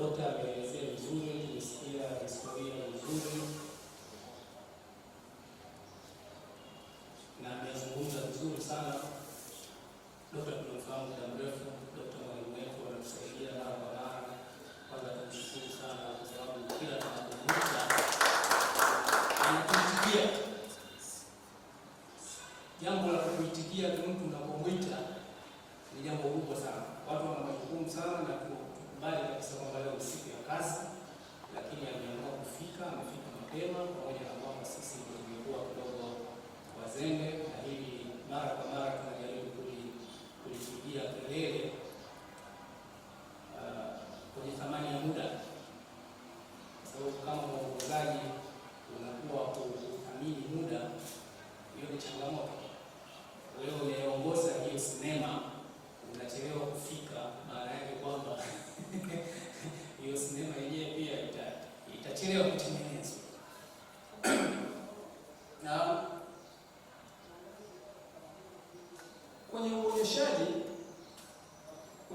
Dokta ameelezea vizuri, tumesikia historia vizuri na amezungumza vizuri sana. Dokta tunamfahamu muda mrefu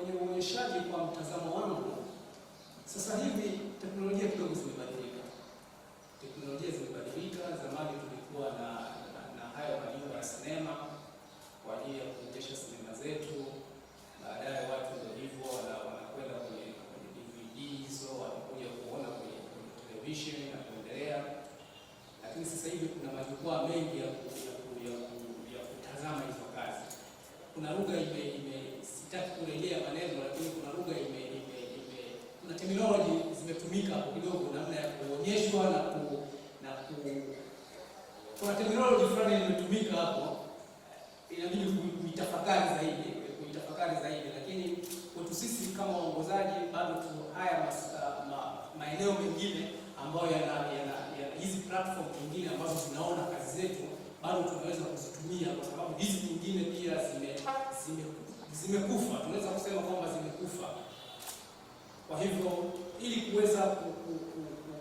kwenye uonyeshaji kwa mtazamo wangu, sasa hivi teknolojia kidogo zimebadilika. Teknolojia zimebadilika. Zamani tulikuwa na, na, na hayo majumba ya sinema kwa ajili ya kuonyesha sinema zetu. Baadaye watu ndio hivyo wanakwenda kwenye DVD hizo, wanakuja kuona kwenye television na kuendelea, lakini sasa hivi kuna majukwaa mengi ya kutazama hizo kazi. Kuna lugha ime sitaki kurejea maneno, lakini kuna lugha ime, ime, ime, kuna terminology zimetumika hapo kidogo, namna ya kuonyeshwa na ku, na ku, kuna terminology fulani imetumika hapo, inabidi kuitafakari zaidi, kuitafakari zaidi, lakini kwetu sisi kama waongozaji bado tu haya ah, ma, maeneo mengine ambayo yana, yana, hizi platform nyingine ambazo zinaona kazi zetu bado tunaweza kuzitumia kwa sababu hizi nyingine pia zime, zime zimekufa, tunaweza kusema kwamba zimekufa. Kwa hivyo ili kuweza ku, ku, ku, ku,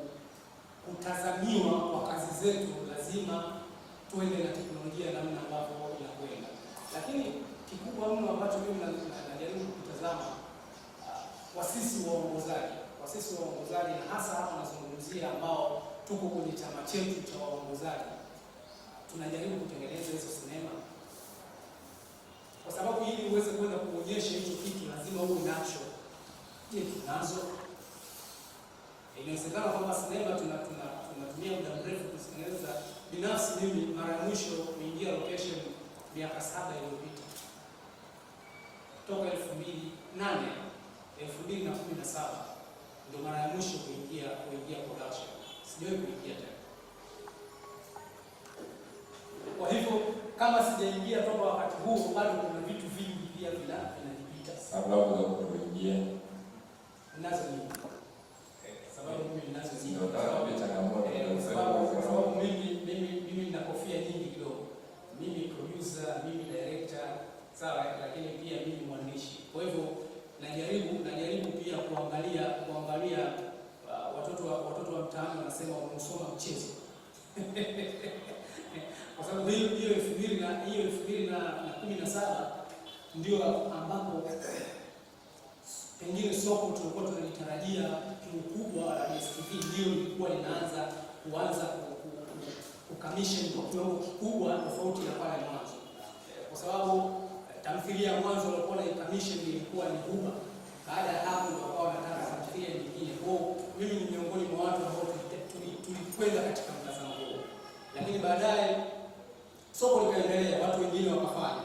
kutazamiwa kwa kazi zetu, lazima tuende na teknolojia namna ambavyo inakwenda, lakini kikubwa mno ambacho mimi najaribu kutazama uh, kwa sisi waongozaji, kwa sisi waongozaji, na hasa hapa nazungumzia ambao tuko kwenye chama chetu cha waongozaji, uh, tunajaribu kutengeneza hizo sinema kwa sababu ili uweze kwenda kuonyesha hicho kitu lazima uwe nacho. Je, tunazo? Inawezekana kwamba sinema tuna tunatumia muda mrefu kutengeneza. Binafsi mimi mara ya mwisho kuingia location miaka saba iliyopita toka elfu mbili nane elfu mbili na kumi na saba ndio mara ya mwisho kuingia kuingia production, sijawahi kuingia tena. Kwa hivyo kama sijaingia toka wakati huo, bado kuna vitu vingi pia vina vinanipita sababu za kutoingia nazo ni sababu mimi nazo ni eh, sababu mimi mimi mimi nina kofia nyingi kidogo, mimi producer, mimi director, sawa, lakini pia mimi mwandishi. Kwa hivyo najaribu najaribu pia kuangalia kuangalia uh, watoto wa, watoto wa mtaani wanasema wanasoma mchezo kwa sababu hiyo hiyo elfu mbili na hiyo elfu mbili na kumi na saba ndio ambapo pengine soko tulikuwa tunalitarajia kiukubwa la DStv ndio ilikuwa inaanza kuanza kukamisheni kwa kiwango kikubwa tofauti na pale mwanzo, kwa sababu eh, tamthilia ya mwanzo walikuwa na ikamisheni ilikuwa ni kubwa. Baada ya hapo ndio wakawa wanataka tamthilia nyingine. Kwa mimi ni miongoni mwa watu ambao tulikwenda katika lakini baadaye soko likaendelea, watu wengine wakafanya,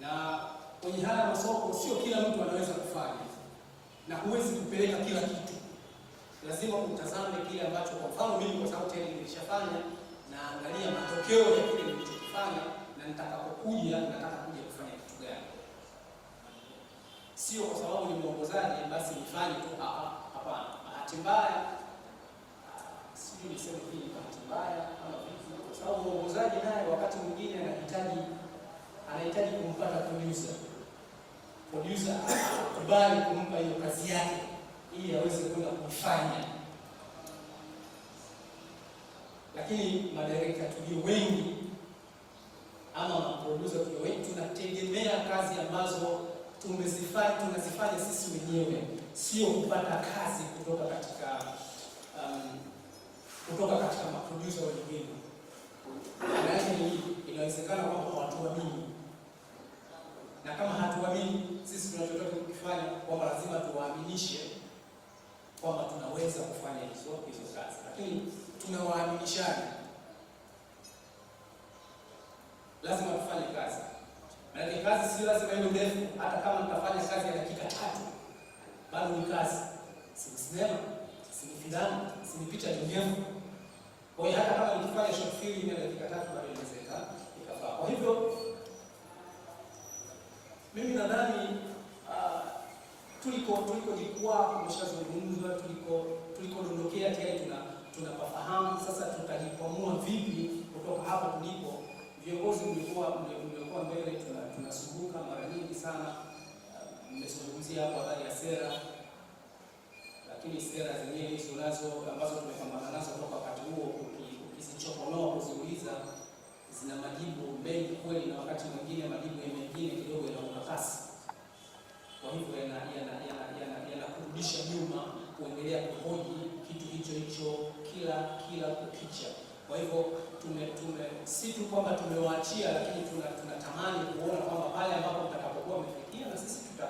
na kwenye haya masoko sio kila mtu anaweza kufanya, na huwezi kupeleka kila kitu, lazima utazame kile ambacho, kwa mfano mimi, kwa sababu tayari nimeshafanya, naangalia matokeo ya kile nilichokifanya, na nitakapokuja nataka kuja kufanya kitu gani. Sio kwa sababu ni mwongozaji basi nifanye tu hapana. Bahati mbaya ah, sijui niseme hii bahati mbaya ama sababu mwongozaji naye wakati mwingine anahitaji anahitaji kumpata producer, producer kubali kumpa hiyo kazi yake ili aweze kwenda kufanya, Lakini madirekta tulio wengi ama maprodusa tulio wengi tunategemea kazi ambazo tumezifanya tunazifanya sisi wenyewe, sio kupata kazi kutoka katika um, kutoka katika maprodusa wengine maana inawezekana kwamba hawatuamini, na kama hatuamini sisi, tunachotaka kukifanya kwamba lazima tuwaaminishe kwamba tunaweza kufanya hizo hizo kazi, lakini tumewaaminishana lazima tufanye kazi. Maana kazi sio lazima iwe ndefu, hata kama mtafanya kazi ya dakika tatu bado ni kazi. Si sinema, si filamu, si picha nyenyevu kwa hiyo hata kama nikifanya short film ya dakika tatu bado inawezeka ikafaa. Kwa hivyo mimi nadhani uh, tuliko tulikojikwaa kumeshazungumzwa, tuliko tulikodondokea tayari tuna tunapafahamu. Sasa tutajikwamua vipi kutoka hapo tulipo? Viongozi mlikuwa mlikuwa mbele, tunasumbuka tuna mara nyingi sana. Mmezungumzia hapo habari ya sera, lakini sera zenyewe hizo nazo ambazo tumepambana nazo toka wakati huo kisichokomoa kuziuliza, zina majibu mengi kweli, na wakati mwingine majibu mengine kidogo yana kasi, kwa hivyo yanakurudisha nyuma kuendelea kuhoji kitu hicho hicho kila kila kukicha. Kwa hivyo tume, tume si tu kwamba tumewaachia, lakini tunatamani tuna kuona kwamba pale ambapo mtakapokuwa mmefikia na sisi tuta,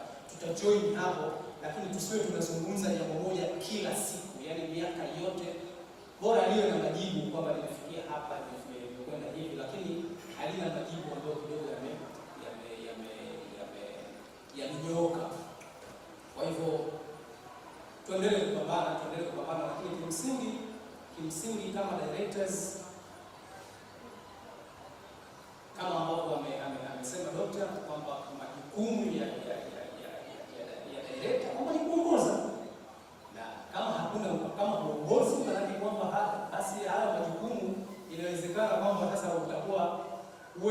join hapo, lakini tusiwe tunazungumza jambo moja kila siku, yani miaka bora aliyo na majibu kwamba nimefikia hapa, nimekwenda hivi, lakini halina majibu ambayo kidogo yame yamenyooka. Kwa hivyo tuendelee kupambana, tuendelee kupambana, lakini kimsingi kimsingi kama directors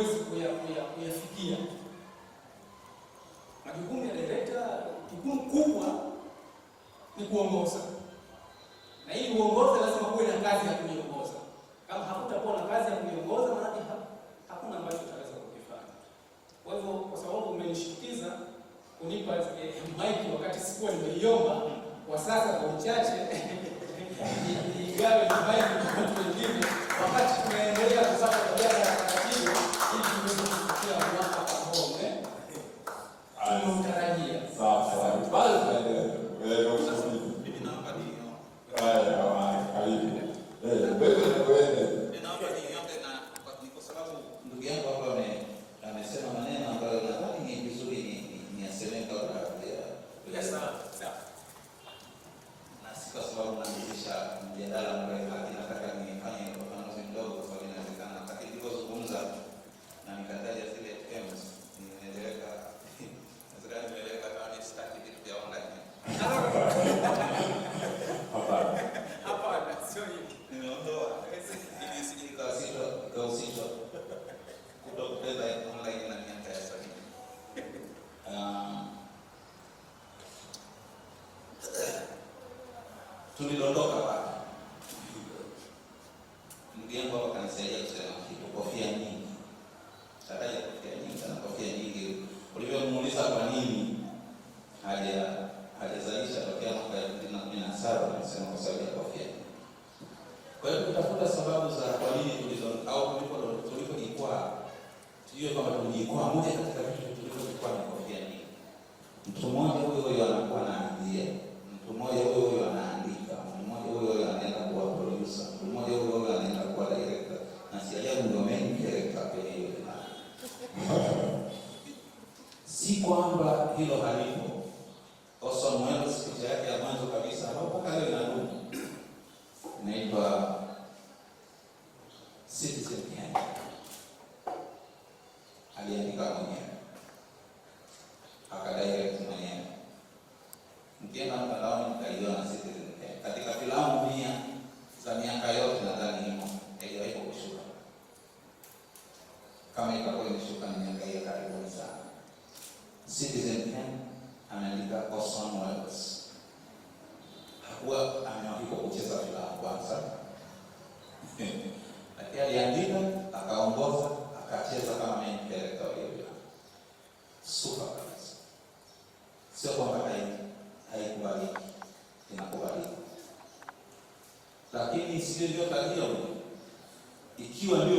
hawezi kuyafikia majukumu ya Jukumu kubwa ni kuongoza, na hii uongoza lazima kuwe na kazi ya kuiongoza. Kama hakutakuwa na kazi ya kuiongoza, maanake hakuna ambacho utaweza kukifanya. Kwa hivyo, kwa sababu umenishikiza kunipa eh, maiki wakati sikuwa nimeiomba, kwa sasa kwa uchache igawe maiki watu wengine wakati tunaendelea kusaka Aye.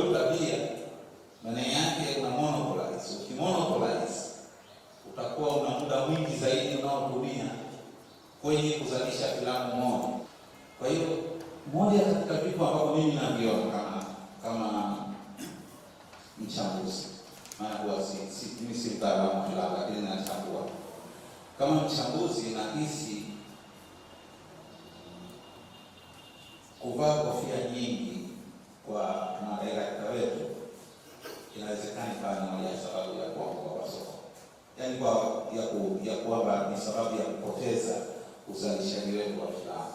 hiyo tabia, maana yake una monopolize. Ukimonopolize utakuwa una muda mwingi zaidi unaotumia kwenye kuzalisha filamu moja. Kwa hiyo moja katika vitu ambavyo mimi naviona kama kama mchambuzi, maana huwa si mimi si mtaalamu filamu, lakini nachambua kama mchambuzi, nahisi kuvaa kofia nyingi kwa madaraka wetu, inawezekana ikawa ni moja ya sababu ya kuanguka kwa soko, yaani kwa ya ku, ya kwamba ni sababu ya kupoteza uzalishaji wetu wa filamu.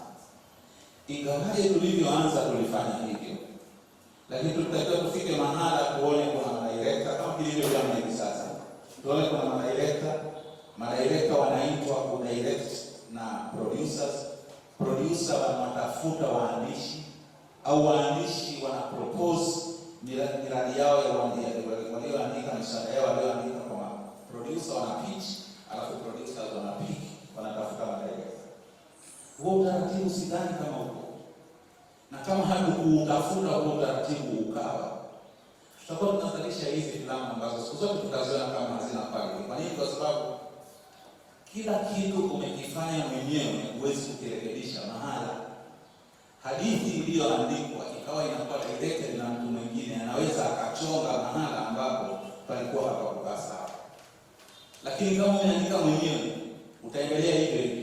Ingawaje tulivyoanza kulifanya hivyo, lakini tulitakiwa tufike mahala tuone kuna madirekta kama vilivyo hivi sasa, tuone kuna madirekta. Madirekta wanaitwa kudirect na producers, producer wanatafuta waandishi au waandishi wana propose miradi yao ya walioandika, mishahara yao walioandika kwa producer, wana pitch, alafu producers wana pick, wanatafuta madereva. Huo utaratibu sidhani kama huko na kama hakuutafuta huo utaratibu ukawa, tutakuwa tunazalisha hizi filamu ambazo siku zote tutaziona kama hazina pale. Kwa nini? Kwa sababu kila kitu umekifanya mwenyewe, huwezi kukirekebisha mahala hadithi iliyoandikwa ikawa inakuwa directed na mtu mwingine, anaweza akachonga mahala ambapo palikuwa hapakukaa sawa. Lakini kama umeandika mwenyewe utaendelea hivyo hivyo.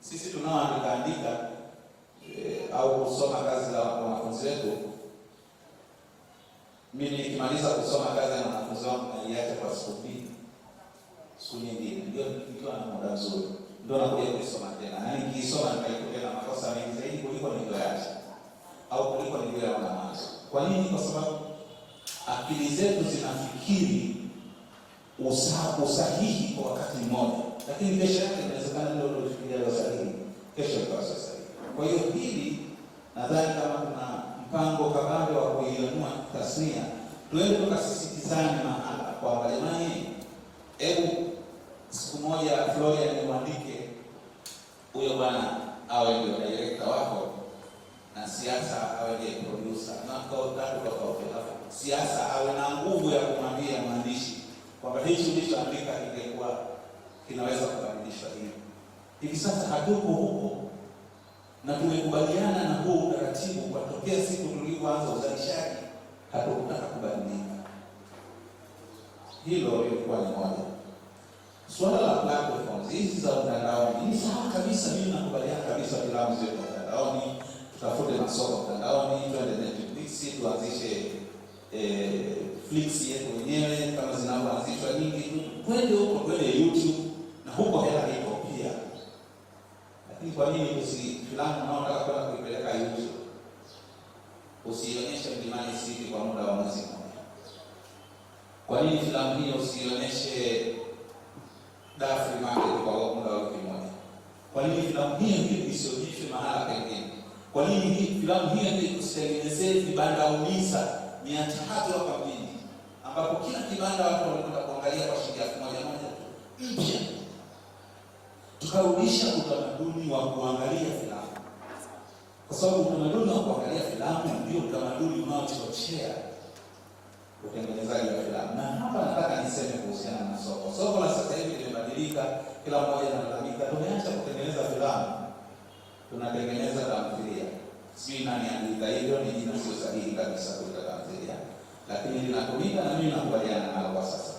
Sisi tunaoandikaandika e, eh, au kusoma kazi za wanafunzi wetu, mimi nikimaliza kusoma kazi ya wanafunzi wangu naiacha kwa siku mbili, siku nyingine ndio ikiwa na muda mzuri ndo nakuja kuisoma tena, yaani, na nikiisoma nikaikuta na makosa mengi zaidi kuliko nilivyoacha au kuliko nilivyoona mwanzo. Kwa nini? Kwa sababu akili zetu zinafikiri usaha usahihi kwa wakati mmoja, lakini kesho yake inawezekana ndio ulifikiria leo sahihi, kesho ikawa Kwa hiyo hili nadhani kama kuna mpango kabado wa kuiamua tasnia, tuende tukasisitizane mahala kwamba jamani, hebu siku moja Florian nimwandike bwana awe ndio director wako na siasa awe ndiye producer na siasa awe na nguvu ya kumwambia mwandishi kwamba hichi ulichoandika ingekuwa kinaweza kubadilishwa hivi. Hivi sasa hatuko huko, na tumekubaliana na huo utaratibu kwa tokea siku tulipoanza uzalishaji, hatukutaka kubadilika. Hilo lilikuwa ni moja. Swala la platforms hizi za mtandaoni ni sawa kabisa, mimi nakubaliana kabisa, filamu zetu za mtandaoni, tutafute masoko mtandaoni, twende Netflix, tuanzishe eh, Flix yetu wenyewe kama zinavyoanzishwa nyingi, kwende huko, twende YouTube na huko hela iko pia. Lakini kwa nini usi filamu unaotaka kwenda kuipeleka YouTube usionyeshe Mlimani City kwa muda wa mwezi mmoja? Kwa nini filamu hiyo usionyeshe dafu rasilimali kwa muda wa wiki moja. Kwa nini filamu hii ndio isionyeshwe mahala pengine? Kwa nini hii filamu hii ndio tusitengenezee vibanda UMISA mia tatu hapa mjini, ambapo kila kibanda watu wanakwenda kuangalia kwa shilingi elfu moja moja tu mpya, tukarudisha utamaduni wa kuangalia filamu, kwa sababu utamaduni wa kuangalia filamu ndio utamaduni unaochochea utengenezaji wa filamu. Na hapa nataka niseme kuhusiana na soko. Soko la sasa hivi limebadilika, kila mmoja analalamika, tumeacha kutengeneza filamu, tunatengeneza tamthilia. Sijui nani aliita hivyo, ni jina sio sahihi kabisa kuita tamthilia, lakini linatumika na mimi nakubaliana nalo kwa sasa,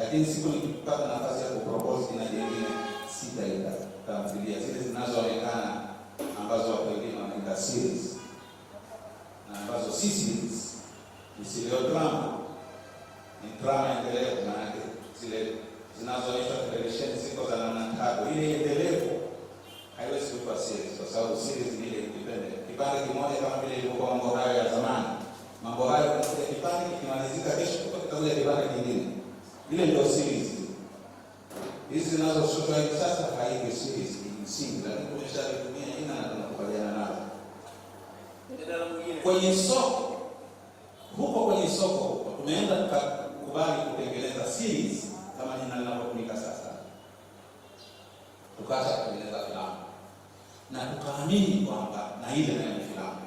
lakini siku nikipata nafasi ya kupropose na jengine sitaita tamthilia, zile zinazoonekana ambazo watu wengine wanaita series na ambazo si series, ni seriodrama drama endelevu, maanake zile zinazoitwa televisheni ziko za namna tatu. Ile endelevu haiwezi kuitwa series kwa sababu series ni ile independent, kipande kimoja, kama vile ilivyokuwa mambo hayo ya zamani. Mambo hayo kinakuja kipande kikimalizika, kesho kitakuja kipande kingine, ile ndio series. Hizi zinazoshuka hivi sasa haiko series kimsingi, lakini tumeshavitumia jina na tunakubaliana nazo. Kwenye soko huko, kwenye soko huko tumeenda tukakubali kutengeneza series kama jina linalotumika sasa, tukaanza kutengeneza filamu na tukaamini kwamba na ile nayo filamu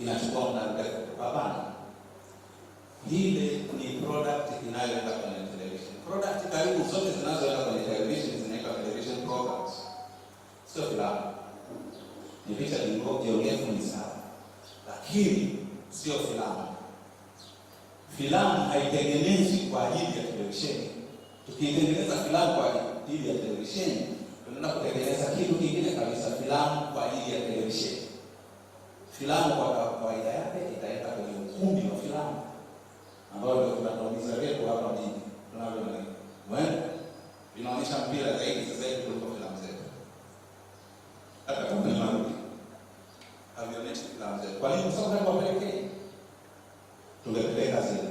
inachukua muda mrefu. kupambana. ile ni product inayoenda kwenye television. Product karibu zote zinazoenda kwenye television zinaitwa television products, sio filamu. Ni picha, ni ngoje, ni sawa, lakini sio filamu. Filamu haitengenezwi kwa ajili ya televisheni. Tukitengeneza filamu kwa ajili ya televisheni, tunaenda kutengeneza kitu kingine kabisa. Filamu kwa ajili ya televisheni, filamu kwa kawaida yake itaenda kwenye ukumbi wa filamu, ambayo ndio tunaumiza wetu hapa mjini tunavyoona, inaonyesha mpira zaidi sasa hivi kuliko filamu zetu. Hata kama ni havionyeshi filamu zetu, kwa nini? Kwa sababu tunapelekea tungepeleka zile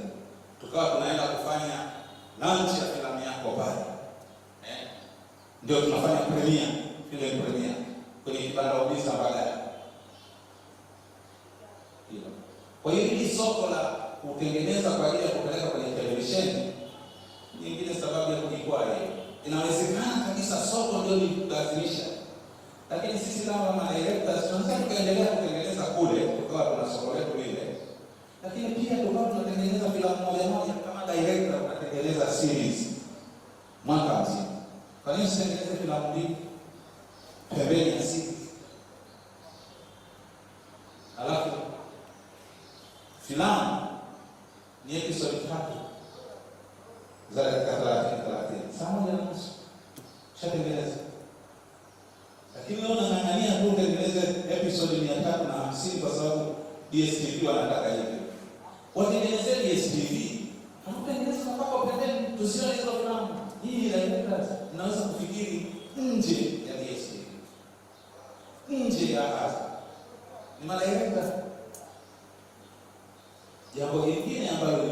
tukawa tunaenda kufanya lunch ya filamu yako pale eh, ndio tunafanya premiere, ile premiere kwenye kibanda Ubisa Mbagala. Kwa hiyo hili soko la kutengeneza kwa ajili ya kupeleka kwenye televisheni nyingine, sababu ya kujikwaa hiyo, inawezekana kabisa soko ndio likulazimisha, lakini sisi kama directors tunataka tukaendelea kutengeneza kule, tukawa tuna soko letu lile lakini pia ndio tunatengeneza filamu moja moja, kama director unatengeneza series mwaka mzima. Kwa nini usitengeneze filamu mbili pembeni ya series, alafu filamu ni episode tatu za dakika thelathini thelathini, saa moja na nusu shatengeneza. Lakini leo nang'ang'ania tu utengeneze episode mia tatu na hamsini kwa sababu DSTV wanataka hivi watengenezeni STV, hatutengeneze mpaka pendeni, tusione hizo filamu. Hii inaenda tunaweza kufikiri nje ya DSTV, nje ya kazi ni malaika. Jambo lingine ambalo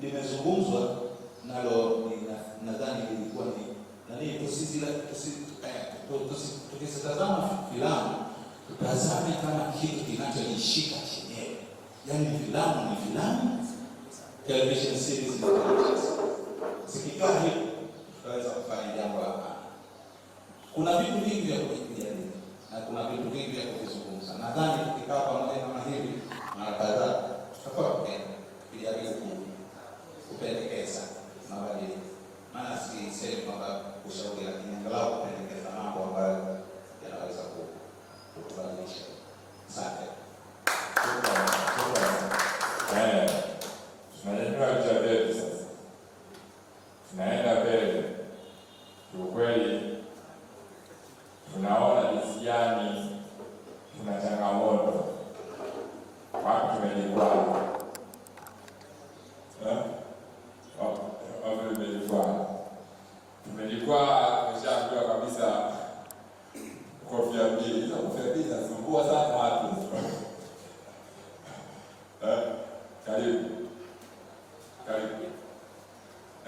limezungumzwa nalo nadhani lilikuwa ni nani, eh, tukizitazama filamu tutazame kama kitu kinachoishika Yaani filamu ni filamu, television series ni television. Sikikaa hivi tutaweza kufanya jambo hapa. Kuna vitu vingi vya kujadili na kuna vitu vingi vya kuzungumza. Nadhani tukikaa pamoja kama hivi mara kadhaa tutakuwa tena kujaribu kupendekeza mabadiliko. Maana si sema kwamba kushauri, lakini angalau kupendekeza mambo ambayo yanaweza kukubadilisha. Asante.